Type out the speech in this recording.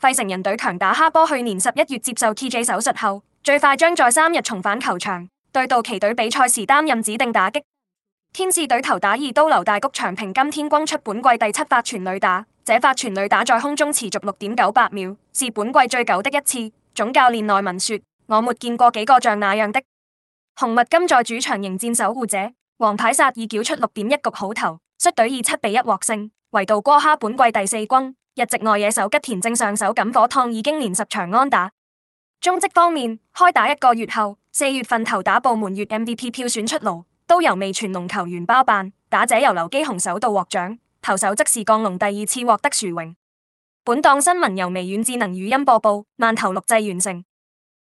費城人隊強打哈波去年十一月接受 TJ 手術後，最快將在三日重返球場。對道奇隊比賽時擔任指定打擊。天使隊投打二刀流大谷翔平今天轟出本季第七發全壘打，這發全壘打在空中持續六點九八秒，是本季最久的一次。總教練內文說：我沒見過幾個像那樣的。紅襪今在主場迎戰守護者，黃牌薩爾繳出六點一局好投，率隊以七比一獲勝，圍道哥哈本季第四軍，日籍外野手吉田正上手感火燙，已經連十場安打。中職方面，開打一個月後，四月份投打部門月 MVP 票選出爐，都由味全龍球員包辦，打者由劉基鴻首度獲獎，投手則是降龍第二次獲得殊榮。本檔新聞由微軟智能語音播報，慢投錄製完成。